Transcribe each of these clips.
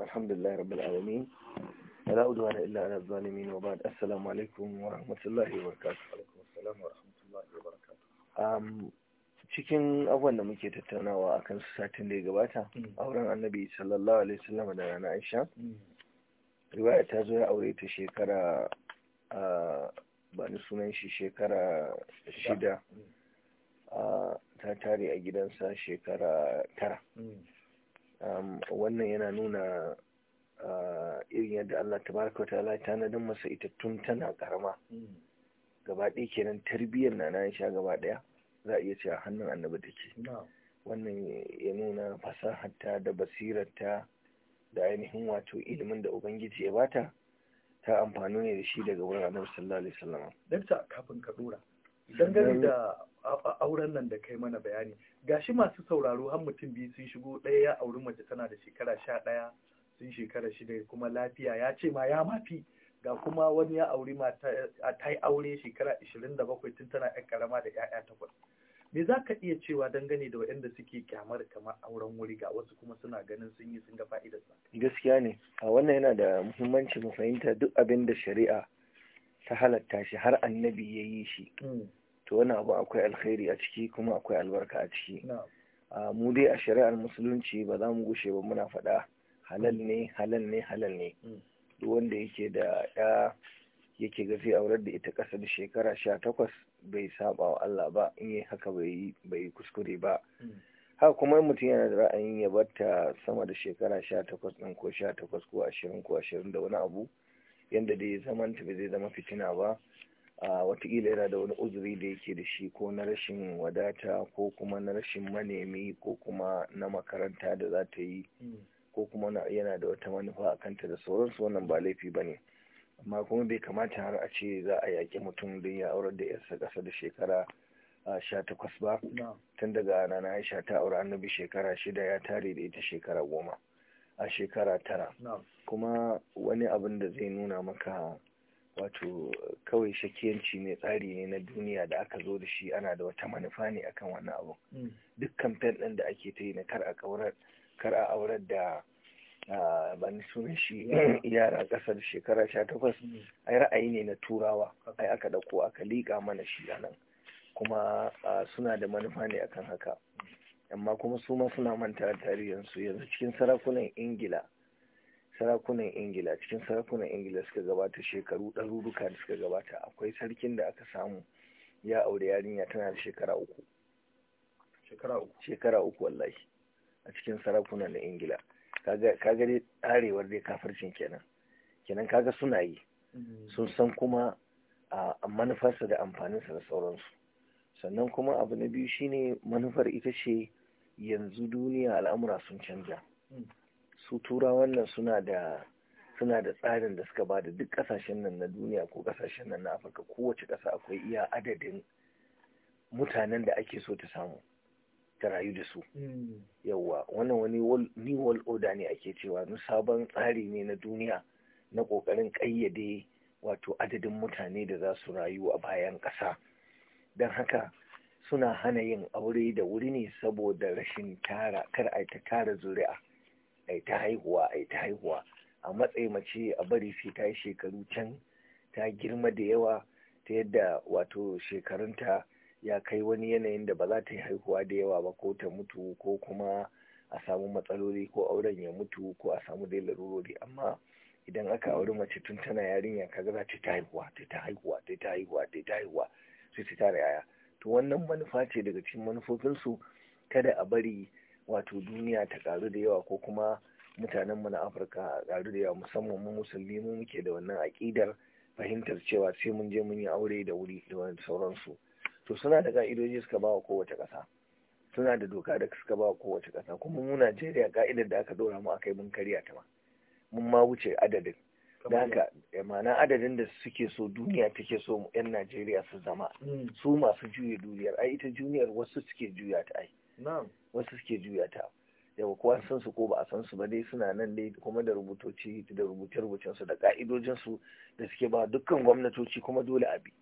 الحمد لله رب العالمين لا أدوان إلا أنا الظالمين وبعد السلام عليكم ورحمة الله وبركاته عليكم السلام ورحمة الله وبركاته أم cikin abubuwan da muke tattaunawa a kan satin da ya gabata mm. auren annabi sallallahu alaihi wasallam da rana aisha mm. riwaya ta zo ya aure ta shekara ba ni sunan shi shekara shida mm. ta tare a gidansa shekara tara wannan yana nuna irin yadda Allah tabaraka wa ta'ala tanadin masa ita tun tana karama hmm. gaba ɗaya kenan tarbiyyar na nan sha gaba ɗaya za a iya cewa hannun annabi take wannan ya nuna fasaharta da basirarta da ainihin wato ilimin da ubangiji ya bata ta amfani ne da shi daga wurin annabi sallallahu alaihi wasallam dakta kafin ka dora dangane da auren nan da kai mana bayani gashi masu sauraro har mutum biyu sun shigo ɗaya ya auri mace tana da shekara sha ɗaya sun shekara shida kuma lafiya ya ce ma ya mafi ga kuma wani ya auri mata ta yi aure shekara ashirin da bakwai tun tana yan karama da ƴaƴa takwas me za ka iya cewa dangane da waɗanda suke kyamar kamar auren wuri ga wasu kuma suna ganin sun yi sun ga fa'idarsa gaskiya ne a wannan yana da muhimmanci mu fahimta duk abin da shari'a ta halatta shi har annabi ya yi shi hmm. to wani abu akwai alkhairi a ciki kuma akwai albarka a ciki mu dai a shari'ar musulunci ba za mu gushe ba muna faɗa halal ne halal ne halal ne mm. duk wanda yake da ya yake ga zai aurar da ita ƙasa da shekara sha takwas bai saba wa Allah ba in yi haka bai bai kuskure ba mm. ha kuma mutum yana da ra'ayin ya barta sama da shekara sha takwas ɗin ko sha takwas ko ashirin ko ashirin da wani abu yadda dai zamanta bai zai zama fitina ba watakila yana da wani uzuri da yake da shi ko na rashin wadata ko kuma na rashin manemi ko kuma na makaranta da za ta yi hmm. ko kuma yana da wata manufa a kanta da sauransu wannan ba laifi ba ne amma kuma bai kamata har a ce za a yaƙi mutum don ya aurar da yarsa ƙasa da shekara sha takwas ba tun daga nana aisha ta aure annabi shekara shida ya tare da ita shekara goma a shekara tara kuma wani abin da zai nuna maka wato kawai shakiyanci ne tsari ne na duniya da aka zo da shi ana da wata manufa ne akan wannan abu mm. duk kamfen ɗin da ake ta yi na kar a kaurar kar a aurar da ni sunan shi yara ƙasar shekara sha takwas mm. ai ra'ayi ne na turawa ai aka ɗauko aka liƙa mana shi a nan kuma suna da manufa ne akan haka amma kuma su ma suna manta tarihinsu yanzu cikin sarakunan ingila sarakunan ingila cikin sarakunan ingila suka gabata shekaru ɗaruruka da suka gabata akwai sarkin da aka samu ya aure yarinya tana da shekara uku shekara uku wallahi a cikin sarakunan na ingila kaga dai arewar dai kafircin kenan kenan kaga suna yi mm-hmm. sun san kuma a manufarsa da amfaninsa da sauransu sannan kuma abu na biyu shine manufar ita ce yanzu duniya al'amura sun canja mm. su tura wannan suna da suna da tsarin da suka bada duk kasashen nan na duniya ko kasashen nan na afirka kowace ƙasa akwai iya adadin mutanen da ake so ta samu ta rayu da su hmm. yawwa wannan wani new world order ne ake cewa na sabon tsari ne na duniya na ƙoƙarin ƙayyade wato adadin mutane da za su rayu a bayan ƙasa don haka suna hana yin aure da wuri ne saboda rashin tara kar a ta tara zuri'a ai ta haihuwa ai ta haihuwa a matsayi mace a bari sai ta yi shekaru can ta girma da yawa ta yadda wato shekarunta ya kai wani yanayin da ba za ta yi haihuwa da yawa ba ko ta mutu ko kuma a samu matsaloli ko auren ya mutu ko a samu dai larurori amma idan aka auri mace tun tana yarinya kaga za ta haihuwa ta ta haihuwa ta ta haihuwa ta ta haihuwa sai ta tara yaya to wannan manufa ce daga cikin manufofinsu kada a bari wato duniya ta karu da yawa ko kuma mutanenmu na afirka a karu da yawa musamman mu musulmi mu muke da wannan aƙidar fahimtar cewa sai mun je mun yi aure da wuri da wani sauransu to suna da ka'idoji suka ba wa kowace ƙasa suna da doka da suka ba wa kowace ƙasa kuma mu najeriya ka'idar da aka dora mu a kai mun karya ta ma mun ma wuce adadin da haka eh, ma'ana adadin da suke so duniya take so 'yan najeriya su zama hmm. su masu juya duniyar ai ita duniyar wasu suke juya ta ai wasu suke juya ta yawa kowa san su ko ba a san su ba dai suna nan dai kuma da rubutoci da rubuce-rubucen su da ka'idojin su da suke ba dukkan gwamnatoci kuma dole a bi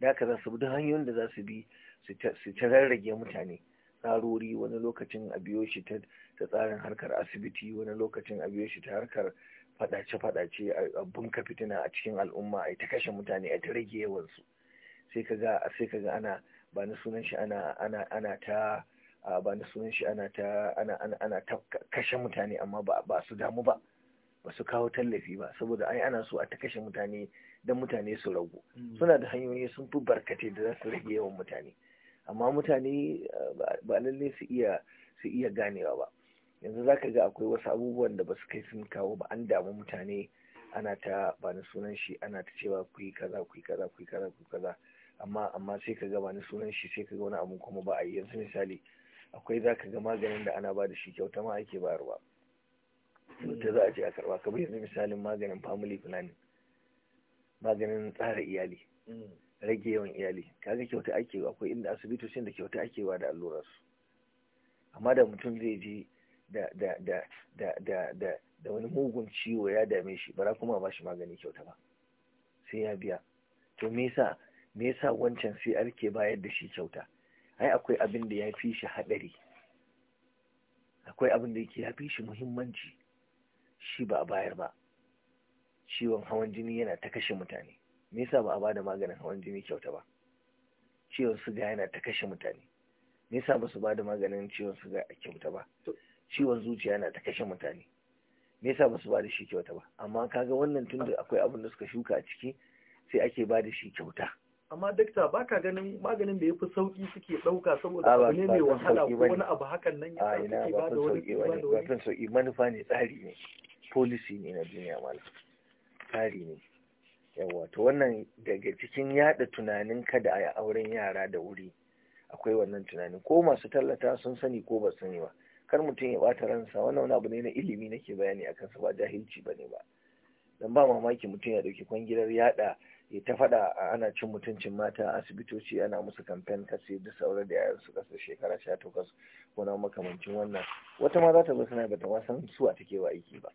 da ka za su bi duk hanyoyin da za su bi su ta rarrage mutane tsarori wani lokacin a biyo shi ta tsarin harkar asibiti wani lokacin a biyo shi ta harkar fadace-fadace a bunka fitina a cikin al'umma a ta kashe mutane a ta rage yawan su sai ka ga ana ba na sunan shi ana ta ba na sunan shi ana ta ana ta kashe mutane amma ba su damu ba ba su kawo tallafi ba saboda ai ana so a ta kashe mutane don mutane su ragu mm. suna da hanyoyi sun fi barkate da za su rage yawan mutane amma mutane eh, ba lalle su iya su iya ganewa ba yanzu zaka ga akwai wasu abubuwan da ba su kai sun kawo ba an damu mutane ana ta ba na sunan shi ana ta cewa ku yi kaza ku yi kaza ku yi kaza ku kaza amma amma sai ka ga ba na sunan shi sai ka ga wani abu kuma ba a yi yanzu misali akwai za ka ga maganin da ana ba da shi kyauta ma ake bayarwa ta za a ce a karba kamar yanzu misalin maganin family planning maganin tsara iyali rage yawan iyali kaga kyauta ake ba akwai inda asibitocin da kyauta ake ba da su amma da mutum zai je da wani mugun ciwo ya dame shi bara kuma ba shi magani kyauta ba sai ya biya to me yasa me yasa wancan sai arke bayar da shi kyauta ai akwai abin da ya fi shi haɗari akwai abin da yake ya fi shi muhimmanci shi ba a bayar ba ciwon hawan jini yana ta kashe mutane me yasa ba a bada maganin hawan jini kyauta ba ciwon suga yana ta kashe mutane me yasa ba su bada maganin ciwon suga a kyauta ba ciwon zuciya yana ta kashe mutane me yasa ba su bada shi kyauta ba amma kaga wannan tunda akwai abin da suka shuka a ciki sai ake bada shi kyauta amma dakta ba ka ganin maganin da ya fi sauki suke ɗauka saboda abu ne mai wahala ko wani abu hakan nan ya sa suke ba da wani ba da wani sauki manufa ne tsari ne policy ne na duniya mala tsari ne yawa to wannan daga cikin yada tunanin kada a yi auren yara da wuri akwai wannan tunanin ko masu tallata sun sani ko ba sani ba kar mutum ya bata ransa wannan wani abu ne na ilimi nake bayani akan sa ba jahilci bane ba dan ba mamaki mutum ya dauki kwangilar yada ta faɗa ana cin mutuncin mata a asibitoci ana musu kamfen kasi da saura da yayan su kasa shekara sha takwas wani makamancin wannan wata ma za ta zo suna ba ta wasan su a take wa aiki ba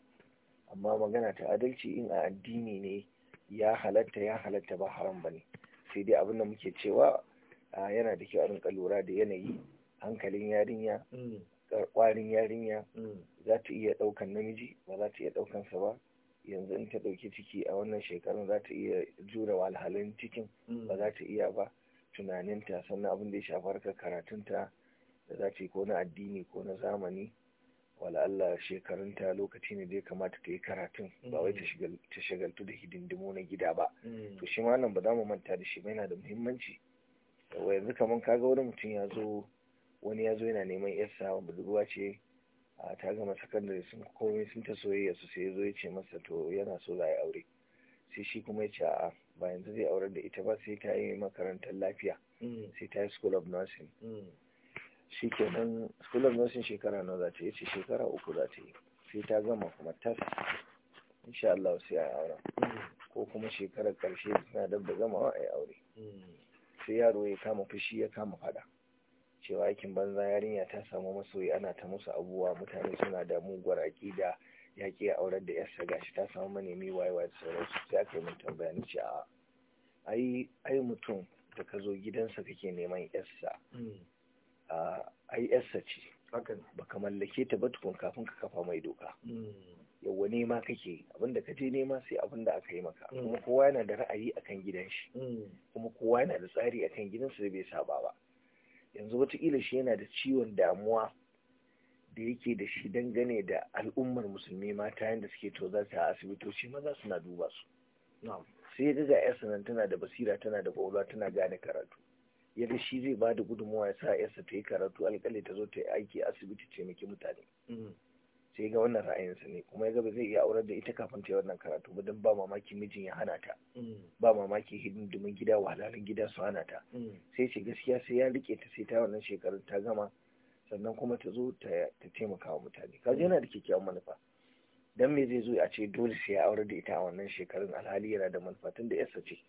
amma magana ta adalci in a addini ne ya halatta ya halatta ba haram ba ne sai dai abin da muke cewa yana da kyau a rinka lura da yanayi hankalin yarinya kwarin mm. yarinya mm. za ta iya ɗaukan namiji ba za ta iya ɗaukan sa ba yanzu in ta ɗauki ciki a wannan shekarun za ta iya jure walhalin cikin ba za ta iya ba tunaninta sannan abin da ya shafar ka karatunta da za ta yi ko na addini ko na zamani wala Allah shekarunta lokaci ne da ya kamata ta yi karatun ba wai ta shagaltu da hidindimu na gida ba mm. to shi ma nan ba za mu manta da shi ba yana da muhimmanci yanzu kamar ga wani mutum ya zo wani ya zo yana neman yarsa budurwa ce a ta gama sakandare sun komai sun ta soyayya su sai zo ya ce masa to yana so za a aure sai shi kuma ya ce a ba yanzu zai aure da ita ba sai ta yi makarantar lafiya mm. sai ta yi school of nursing mm. shi kenan school of nursing shekara nawa za ta yi ce shekara uku za ta yi sai ta gama kuma tas insha Allah sai a aure. Mm. ko kuma shekarar karshe suna dab da gamawa a yi aure sai yaro ya kama fushi ya kama fada cewa aikin banza yarinya ta samu masoyi ana ta musu abubuwa mutane suna da muguwar aƙida ya ke aurar da yarsa gashi ta samu manemi wayewa da sauransu sai aka yi mun tambaya ni ce ai ai mutum da ka zo gidansa kake neman yarsa hmm. ai yarsa ce baka mallake ta ba tukun kafin ka kafa mai doka hmm. yawa nema kake abinda ka je nema sai abin da aka yi maka hmm. kuma kowa yana da ra'ayi akan gidan shi kuma kowa yana da tsari akan gidansa da bai saba ba yanzu wataƙila shi yana da ciwon damuwa da yake da shi dangane da al'ummar musulmi mata yadda suke za a asibitoci maza suna duba su sai ya ga yarsa nan tana da basira tana da ƙwaƙwalwa tana gane karatu ya shi zai ba da gudunmawa ya sa yarsa ta yi karatu Alƙalai ta zo ta yi aiki asibiti taimaki mutane mm. sai ga wannan ra'ayinsa ne kuma ya ga ba zai iya aurar da ita kafin ta yi wannan karatu ba don ba mamaki mijin ya hana ta mm. ba mamaki domin gida wahalarin gida su hana ta mm. sai ce gaskiya sai ya rike ta sai ta wannan shekarun ta gama sannan kuma ta zo ta taimaka wa mutane kaji yana da kyakkyawan manufa dan me zai zo a ce dole sai ya aurar da ita a wannan shekarun alhali yana da manufa tun da yasa ce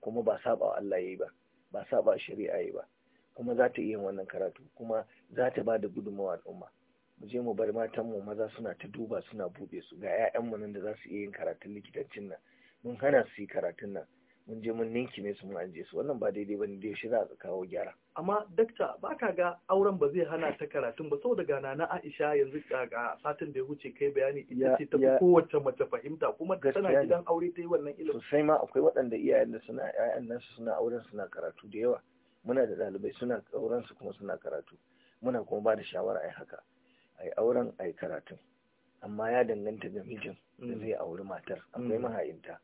kuma ba saba wa Allah yayi ba ba saba shari'a yayi ba kuma za ta iya wannan karatu kuma za ta ba da gudunmawa al'umma mu je mu bar matan mu maza suna ta duba suna buɗe su ga mu nan da za su iya yin karatun likitancin nan mun hana su yi karatun nan mun je mun ninki ne su mun anje su wannan ba daidai bane da shi za a kawo gyara amma dakta ba ka ga auren ba zai hana ta karatun ba saboda gana na Aisha yanzu ga satin da ya wuce kai bayani ita ce ta kowace mace fahimta kuma tana gidan aure ta yi wannan ilimi. sosai ma akwai waɗanda iyayen da suna ƴaƴan nan su suna auren suna karatu da yawa muna da ɗalibai suna auren su kuma suna karatu muna kuma ba da shawara ai haka a auren a yi karatun amma ya danganta da mijin da mm. zai auri matar akwai mm. mahayinta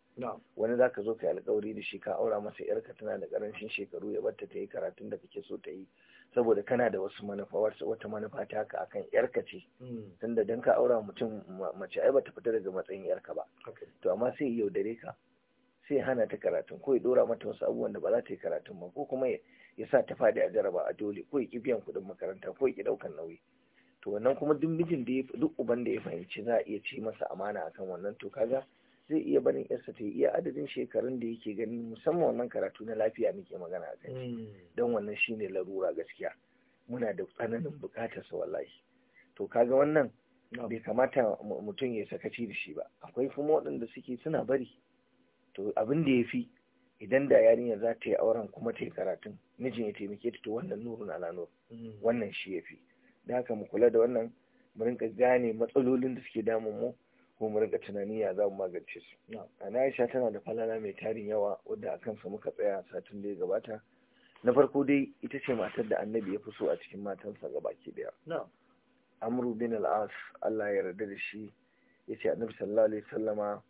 wani zaka zo ka yi alkawari da shi ka aura masa yarka tana da karancin shekaru ya barta ta yi karatun da kake so ta yi saboda kana da wasu manufa wata manufa ta haka akan yarka ce mm. tunda dan ka aura mutum mace ai bata fita daga matsayin yarka ba to amma sai ya yaudare ka sai hana ta karatun ko ya dora mata wasu abubuwan da ba za ta yi karatun ba ko kuma ya sa ta fadi a jaraba a dole ko ya ƙi biyan kuɗin makaranta ko ya ƙi ɗaukan nauyi to wannan kuma duk mijin da ya duk uban da ya fahimci za a iya ci masa amana akan wannan to kaga zai iya barin yarsa ta iya adadin shekarun da yake ganin musamman wannan karatu na lafiya muke magana a kan hmm. don wannan shine larura gaskiya muna da tsananin bukatar sa wallahi to kaga wannan bai kamata mutum ya sakaci da shi ba akwai kuma waɗanda suke suna bari to abin da ya fi idan da yarinya za ta yi auren kuma ta yi karatun mijin ya taimake ta to wannan nurun ala nur hmm. wannan shi ya fi da haka mu kula da wannan mu rinka gane matsalolin da suke damun mu ko mu rinka tunani ya za mu magance su ana aisha tana da falala mai tarin yawa wadda a kansa muka tsaya satin da ya gabata na farko dai ita ce matar da annabi ya fi so a cikin matansa ga baki daya amru bin al'as Allah ya yarda da shi ya ce annabi sallallahu alaihi sallama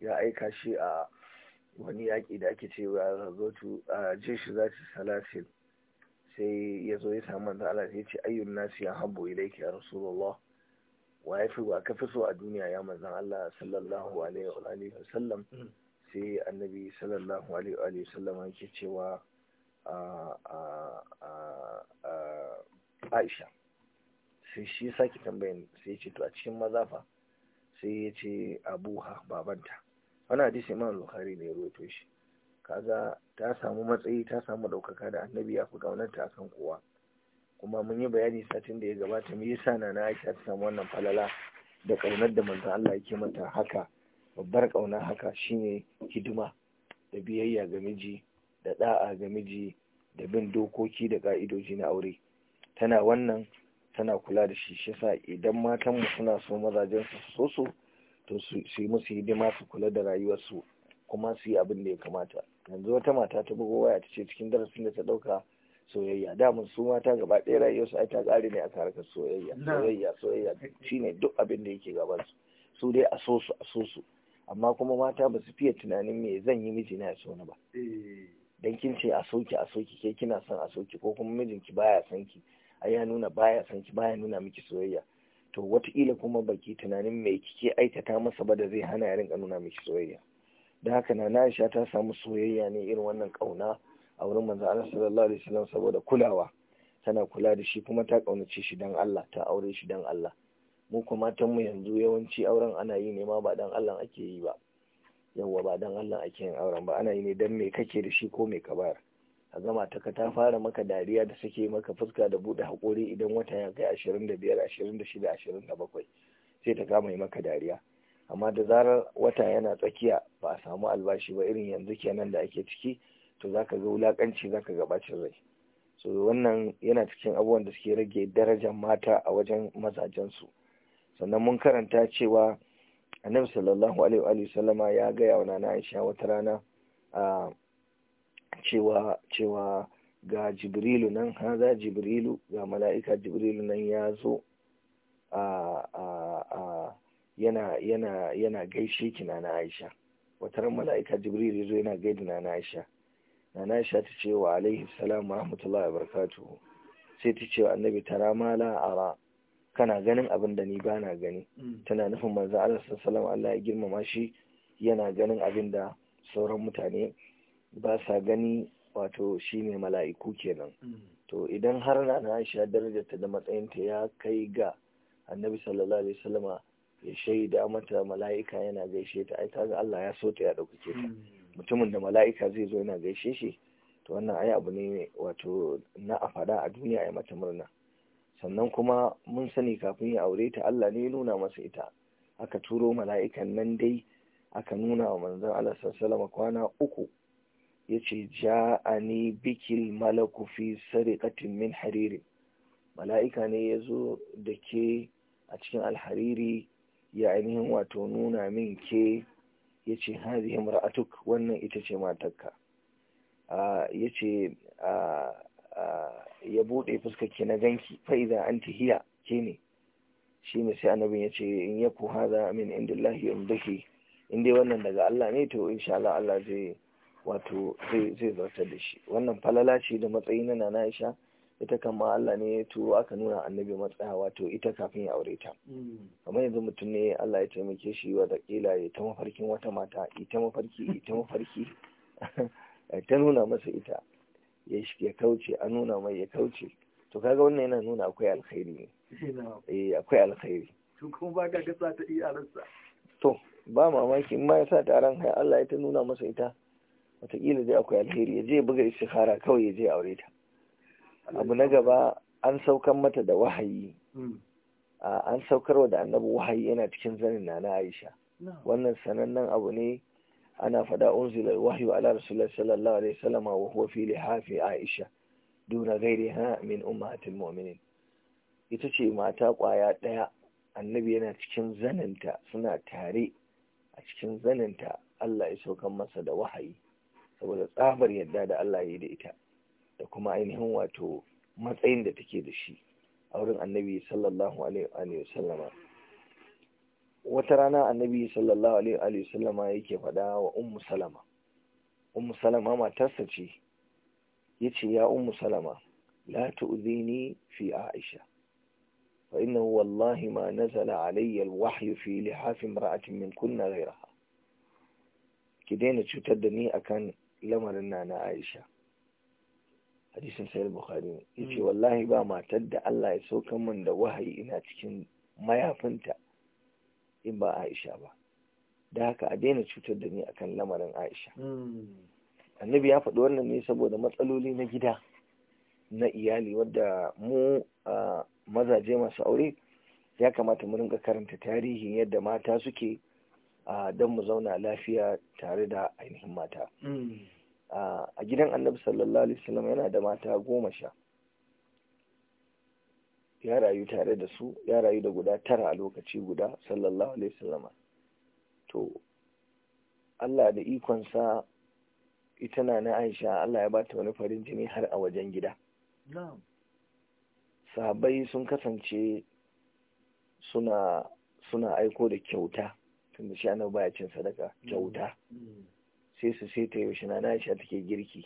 ya aika shi a wani yaƙi da ake cewa ya zo tu a jeshi za ta salasil sai ya zo ya samu manzo Allah sai ya ce ayyun nasi ya habbu ilayki ya rasulullah wa ya fi wa kafi so a duniya ya manzon Allah sallallahu alaihi wa alihi wa sallam sai annabi sallallahu alaihi wa wa sallam yake cewa Aisha sai shi sake tambayin sai ya ce to a cikin mazafa sai ya ce abuha babanta wannan hadisi Imam Bukhari ne ya rawaito shi kaga ta samu matsayi ta samu ɗaukaka da annabi ya fi a kan kowa kuma mun yi bayani satin da ya gabata yi sa na na Aisha ta samu wannan falala da ƙaunar da manzon Allah yake mata haka babbar ƙauna haka shine hidima da biyayya ga miji da da'a ga miji da bin dokoki da ƙa'idoji na aure tana wannan tana kula da shi shi yasa idan mu suna so mazajen su so su to su yi musu hidima su kula da rayuwarsu kuma su yi abin da ya kamata yanzu wata mata ta bugo waya ta ce cikin darasin da ta dauka soyayya damun su mata gaba ɗaya su ai ta ƙare ne a harkar soyayya soyayya soyayya shine duk abin da yake gaban su su dai a so su a so su amma kuma mata ba su fiye tunanin me zan yi miji na ya so na ba eh. dan kin ce a soki a soki ke kina son a soki ko kuma mijinki baya son ki ai ya nuna baya son ki baya nuna miki soyayya to wataƙila kuma baki tunanin me kike aikata masa ba da zai hana ya rinka nuna miki soyayya da haka na Aisha ta samu soyayya ne irin wannan kauna a wurin manzo Allah sallallahu alaihi wasallam saboda kulawa tana kula da shi kuma ta kaunace shi dan Allah ta aure shi dan Allah mu kuma matan mu yanzu yawanci auren ana yi ne ma ba dan Allah ake yi ba yawa ba dan Allah ake yin auren ba ana yi ne dan me kake da shi ko me ka bayar a gama ta ka ta fara maka dariya da suke maka fuska da bude hakuri idan wata ya kai 25 26 27 sai ta kama yi maka dariya amma da zarar wata yana tsakiya ba a samu albashi ba irin yanzu kenan da ake ciki to zaka ga wulakanci zaka ga bacin rai so wannan yana cikin abubuwan da suke rage darajar mata a wajen mazajen su sannan mun karanta cewa annabi sallallahu alaihi wa sallama ya gaya wa nana aisha wata rana a cewa cewa ga jibrilu nan haza jibrilu ga mala'ika jibrilu nan ya zo a yana yana yana gaishe ki na Aisha wata ran mala'ika Jibril yazo yana gaida Nana Aisha na Aisha ta ce wa alaihi salam wa rahmatullahi wa barakatuhu sai ta ce annabi tara mala ara kana ganin abin da ni ba na gani mm. tana nufin manzo Allah sallallahu Allah ya girmama shi yana ganin abin da sauran mutane ba sa gani wato shine mala'iku kenan mm. to idan har na Aisha darajarta da matsayinta ya kai ga annabi sallallahu alaihi wasallama ya shaida mata mala'ika yana gaishe ta ai kaga Allah ya so ta ya dauke ta hmm. mutumin da mala'ika zai zo yana gaishe shi to wannan ai abu ne wato na afada a duniya ya mata murna sannan kuma mun sani kafin ya aure ta Allah ne ya nuna masa ita aka turo mala'ikan nan dai aka nuna wa manzon Allah sallallahu kwana uku yace ja'ani bikil malaku fi sariqatin min hariri mala'ika ne yazo da ke a cikin alhariri ya ainihin wato nuna min ke ya ce hazihi mar'atuk wannan ita ce matarka ya ce ya buɗe fuskake na ganki fa'iza an hiya ke ne shi ne sai annabin ya ce in ya ku haza min inda in dake in dai wannan daga Allah ne to insha Allah Allah zai wato zai zartar da shi wannan falala ce da matsayi na nana Aisha ita kan ma Allah ne to aka nuna annabi matsaya wato ita kafin ya aure ta hmm. kamar yanzu mutum ne Allah ya taimake shi wa kila ya ta mafarkin wata mata ita mafarki ita mafarki ta nuna masa ita ya ya kauce a nuna mai ya kauce to kaga wannan yana nuna akwai alkhairi ne eh, akwai alkhairi to kuma ba ka gasa ta iyalansa to ba mamaki in ma ya sa taron kai Allah ya ta nuna masa ita wataƙila dai akwai alheri ya je buga istikhara kawai ya je aure ta abu na gaba an saukar mata da wahayi hmm. an saukarwa da annabi wahayi yana cikin zanin na na aisha wannan sanannen abu ne ana fada unzila wahyu ala rasulullah sallallahu alaihi wasallam wa huwa fi lihafi aisha duna hana min ummatil mu'minin ita ce mata kwaya daya annabi yana cikin zaninta suna tare a cikin zaninta Allah ya saukan masa da wahayi saboda tsabar yadda da Allah ya yi da ita da kuma ainihin wato matsayin da take da shi a wurin annabi sallallahu alaihi wa sallama wata rana annabi sallallahu alaihi wa sallama yake faɗa wa ummu salama ummu salama matarsa ce yace ya ummu salama la tu'zini fi aisha fa innahu wallahi ma nazala alayya alwahyu fi lihaf imra'atin min kunna ghayraha ki daina cutar da ni akan lamarin nana aisha hadisin sayar bukhari ce hmm. wallahi ba matar da Allah ya sauka min da wahayi ina cikin mayafinta in ba Aisha ba da haka a daina cutar da ni akan lamarin Aisha hmm. annabi ya faɗi wannan ne saboda matsaloli na gida na iyali wadda mu mazaje masu aure ya kamata mu rinka karanta tarihin yadda mata suke don mu zauna lafiya tare da ainihin mata. Hmm. a gidan annabi sallallahu alaihi wasallam yana da mata goma sha ya rayu tare da su ya rayu da guda tara a lokaci guda sallallahu alaihi wasallam to Allah da ikonsa ita na na Aisha Allah ya bata wani farin jini har a wajen gida sahabbai sun kasance suna suna aiko da kyauta tun da shi annabi ya cin sadaka kyauta mm. Mm. sai su sai ta yaushe na Aisha take girki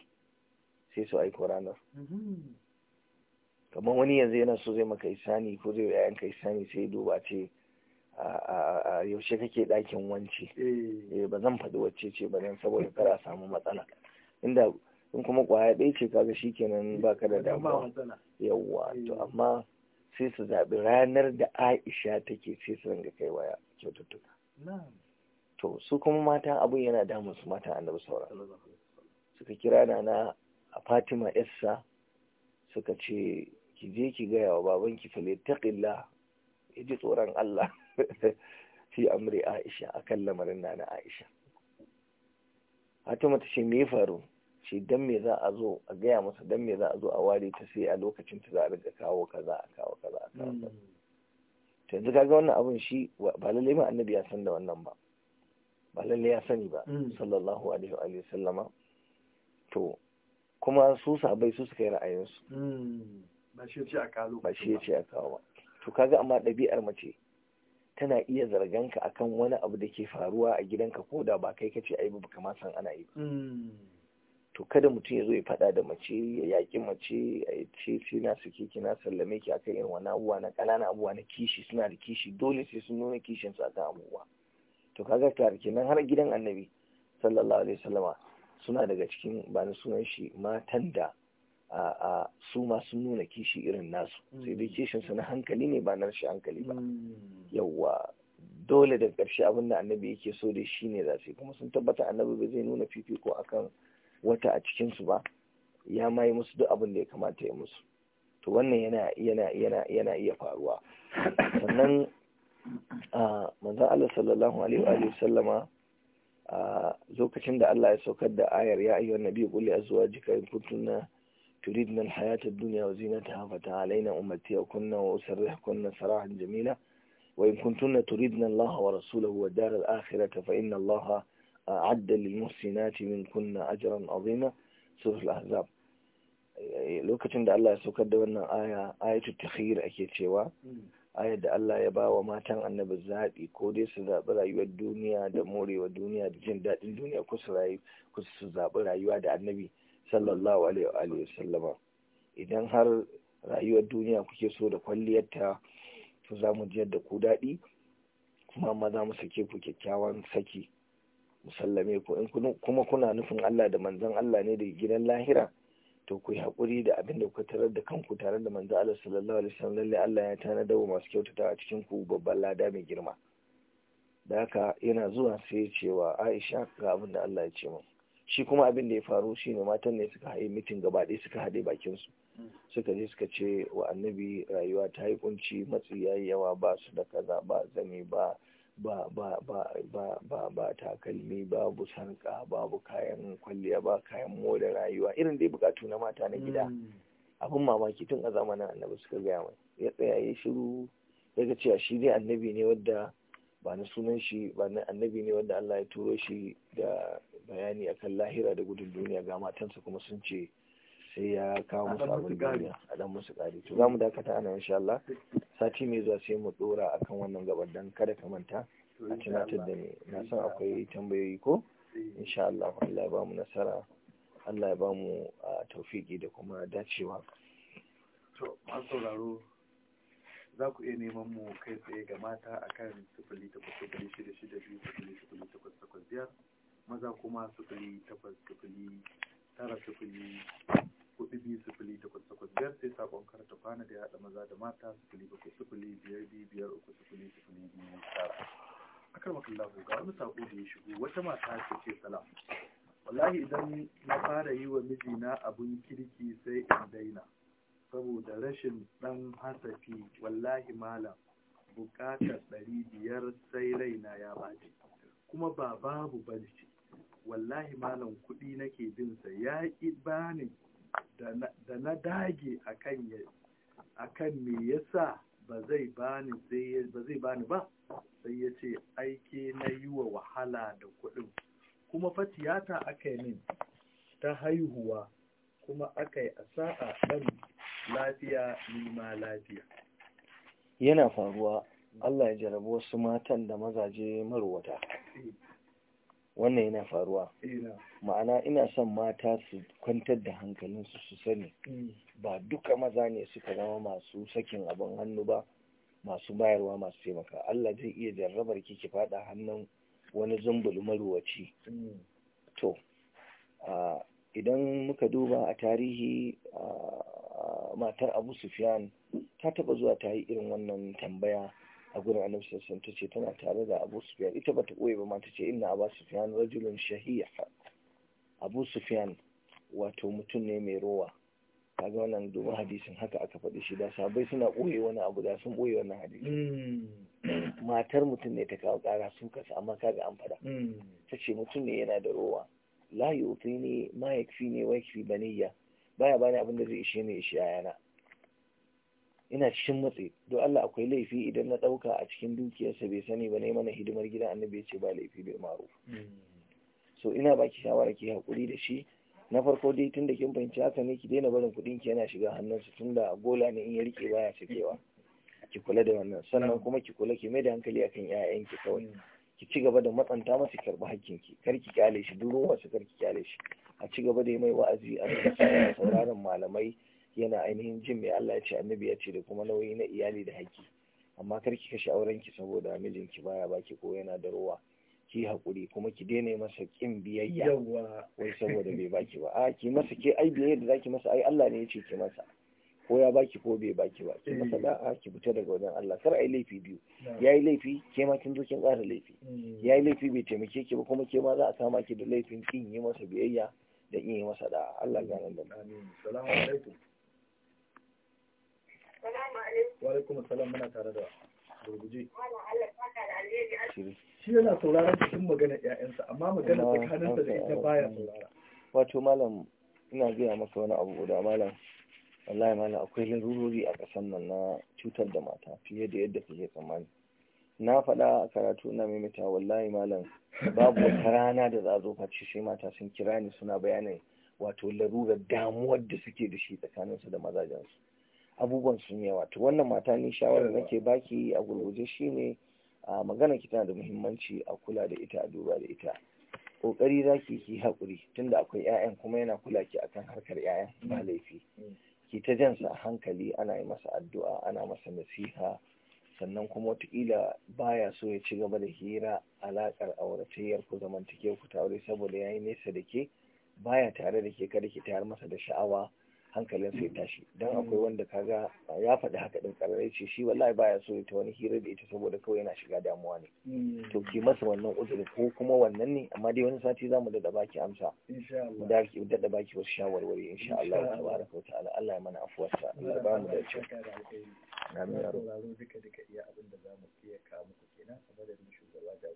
sai su aiko ranar kamar wani yanzu yana so zai maka isani ko zai yi ayyanka isani sai duba ce a yaushe kake dakin wance eh. eh, ba zan faɗi wacce ce ba dan saboda kar samu matsala inda in kuma kwaya ɗaya ce kaga ba ka da eh, damuwa yawwa to amma sai su zaɓi ranar da Aisha take sai su ringa kai waya kyaututtuka to su kuma mata abin yana damun su mata annabi saura. suka kira da na a fatima yassa suka ce ki je ki gaya wa babanki fale taƙilla ya ji tsoron Allah fi amri Aisha akan lamarin na na Aisha Fatima ta ce me faru ce dan me za a zo a gaya masa dan me za a zo a ware ta sai a lokacin ta za a riga kawo kaza a kawo kaza a kawo kaza hmm. yanzu kaga wannan abin shi ba lalle ma annabi ya san da wannan ba ba lalle ya sani ba mm. sallallahu alaihi wa sallama to kuma su sabai su suka yi ra'ayinsu mm. ba shi ce a kawo ba shi ce a kawo ba to kaga amma dabi'ar mace tana iya zargan ka akan wani abu da ke faruwa a gidanka ko da ba kai kace ai ba kama san ana yi ba mm. to kada mutum ya zo ya faɗa da mace ya yaki mace a ce sai na suke ki na sallame ki akan irin wani abuwa na kanana abuwa na kishi suna da kishi dole sai sun nuna kishin su akan abubuwa to kaga tare kenan har gidan annabi sallallahu alaihi wasallama suna daga cikin ba ni sunan shi matan da a su ma sun nuna kishi irin nasu sai dai mm. kishin su na hankali ne ba na rashin hankali ba mm. yawa dole da ƙarshe abin da annabi yake so da shi ne za su kuma sun tabbata annabi ba zai nuna fifiko akan wata a cikin su ba ya ma musu duk abin da ya kamata ya musu to wannan yana yana yana yana iya faruwa sannan manzan Allah sallallahu alaihi wa sallama a lokacin da Allah ya saukar da ayar ya ayyuhan nabi qul li jika in kuntunna turidna al-hayata ad-dunya wa zinataha fata'alayna ummatiyakunna wa usarrihkunna sarahan jamila wa in kuntunna turidna Allah wa rasulahu wa dar al-akhirata fa inna Allah a'adda lil muhsinati minkunna ajran 'azima surah al-ahzab lokacin da Allah ya saukar da wannan aya ayatul takhir ake cewa hmm. ayar da Allah ya ba wa matan annabi zaɓi ko dai su zaɓi rayuwar duniya da morewa duniya da jin daɗin duniya ko su zaɓi rayuwa da annabi sallallahu alaihi wa sallama idan har rayuwar duniya kuke so da kwalliyarta to za mu jiyar da ku daɗi kuma maza za mu sake ku kyakkyawan saki musallame ku kuma kuna nufin Allah da manzon Allah ne da gidan lahira to ku yi haƙuri da abin da kuka tarar da kanku tare da manzo Allah sallallahu alaihi wasallam lalle Allah ya tana wa masu kyautata a cikin ku babban lada mai girma da haka yana zuwa sai ya ce wa Aisha ga abin da Allah ya ce min shi kuma abin da ya faru shine matan ne suka haɗe mitin gaba ɗaya suka haɗe bakin su suka je suka ce wa annabi rayuwa ta yi kunci matsi yayi yawa ba su da kaza ba zame ba ba ba ba ba ba ba takalmi babu sarka babu kayan kwalliya ba kayan moda rayuwa irin dai bukatu na mata na gida hmm. abin mamaki tun a zamanin annabi suka gaya mai ya tsaya ya shiru daga cewa shi dai annabi ne wadda ba na sunan shi ba na annabi ne wadda Allah ya turo shi da bayani akan lahira da gudun duniya ga matansa kuma sun ce sai ya kawo musu abin duniya a dan musu kari to za mu dakata ana insha Allah sati mai zuwa sai mu dora akan wannan gaban dan kada ka manta a tunatar da ni na san akwai tambayoyi ko eh. insha Allah Allah ya ba mu nasara Allah ya ba mu tawfiki da kuma dacewa to an sauraro za ku iya neman mu kai tsaye ga mata akan sifili takwas sifili shida shida biyu sifili sifili takwas takwas biyar maza kuma sifili takwas sifili tara sifili hudu biyu sifili takwas takwas biyar sai sakon karta kwana da ya haɗa maza da mata sifili bakwai sifili biyar biyu biyar uku sifili sifili biyu tara wakil makallahu ga wani sako da ya shigo wata mata ta ce salam wallahi idan na fara yi wa mijina abun kirki sai in daina saboda rashin ɗan hasafi wallahi malam bukatar ɗari biyar sai raina ya bace kuma ba babu barci wallahi malam kuɗi nake bin sa ya ƙi bani da na dage akan kan me yasa ba ba zai bani ba sai ya ce aike na yi wa wahala da kuɗin kuma fa tiyata aka yi min ta haihuwa kuma aka yi a sa'a ɗan lafiya nima lafiya yana faruwa Allah ya jarabi wasu matan da mazaje marwata eh. wannan yana faruwa eh, ma'ana ina son mata su kwantar da hankalinsu su sani mm. ba duka maza ne suka zama masu sakin abin hannu ba masu bayarwa masu taimaka Allah zai iya jarrabar ki ki fada hannun wani zumbul maruwaci mm. to idan muka duba a tarihi matar Abu Sufyan ta taba zuwa ta yi irin wannan tambaya a gurin annabi sallallahu ta tace tana tare da Abu Sufyan ita bata koyi ba ma ta ce inna Abu Sufyan rajulun shahih Abu Sufyan wato mutum ne mai rowa kaga wannan domin hadisin haka aka faɗi shi da sabai suna ɓoye wani abu da sun ɓoye wannan hadisi hmm. matar mutum ne ta kawo ƙara sun kasa amma kaga an faɗa hmm. ta ce mutum ne yana da rowa la yuti ne ma yakfi ne wa yakfi Ba baya bani abin da zai ishe ne ishe yana ina cikin matsi don Allah akwai laifi idan na ɗauka a cikin dukiyarsa bai sani ba ne mana hidimar gidan annabi ya ce ba laifi bai maro so ina baki shawara ki hakuri da shi na farko dai tun da kin fahimci haka ne ki daina barin kuɗin ki yana shiga hannunsa tun da gola ne in ya rike baya sakewa ki kula da wannan sannan kuma ki kula ki mai da hankali akan ƴaƴan ki kawai ki ci gaba da matsanta masa karɓi hakkin ki kar ki kyale shi duk ruwan kar ki kyale shi a ci gaba da yi mai wa'azi a sauraron malamai yana ainihin jin mai Allah ya ce annabi ya ce da kuma nauyi na iyali da haƙƙi amma kar ki kashe auren ki saboda mijinki baya baki ko yana da ruwa ki hakuri kuma ki daina masa ƙin biyayya wai saboda bai baki ba a ki masa ke ai biyayya da zaki masa ai Allah ne ya ce ki masa ko ya baki ko bai baki ba ki eh. masa da'a ki fita daga wajen Allah kar ai laifi biyu yayi laifi ke ma kin zo kin ƙara laifi eh. yayi laifi bai taimake ki ba kuma ke ma za a kama ki da laifin kin yi masa biyayya da yi masa da Allah ya gane da mu amin assalamu alaikum wa alaikum salam muna tare da gurguje shi yana sauraron cikin magana 'ya'yansa amma magana tsakaninsa da ita baya saurara wato malam ina gaya maka wani abu guda malam wallahi malam akwai larurori a ƙasar nan na cutar da mata fiye da yadda kake tsammani na faɗa a karatu na mimita wallahi malam babu wata rana da za zo face sai mata sun kira ni suna bayanin wato larurar damuwar da suke da shi tsakaninsu da mazajensu abubuwan sun yawa to wannan mata ni shawara nake baki a gurguje shine a magana ki tana da muhimmanci a kula da ita a duba da ita kokari zaki ki hakuri tunda akwai ƴaƴan kuma yana kula ki akan harkar ƴaƴan ba mm. laifi mm. ki ta jan sa a hankali ana yi masa addu'a ana masa nasiha sannan kuma wataƙila baya so ya ci gaba da hira alaƙar auratayyar ku zamantakewar ku ta aure saboda yi nesa da ke baya tare da ke kada ki tayar masa da sha'awa hankalin ya mm. tashi don mm. akwai wanda kaga ya faɗi haka ɗin ƙarare ce shi wallahi baya so ita wani hira da ita saboda kawai yana shiga damuwa ne mm. to ki masa wannan uzuri ko kuma wannan ne amma dai wani sati zamu dada baki amsa da baki wasu shawarwari insha Allah tabaraka wa ta'ala Allah ya mana afuwa ta Allah ba mu da ce amin ya rabu iya abin da zamu iya muku kenan a madadin shugaba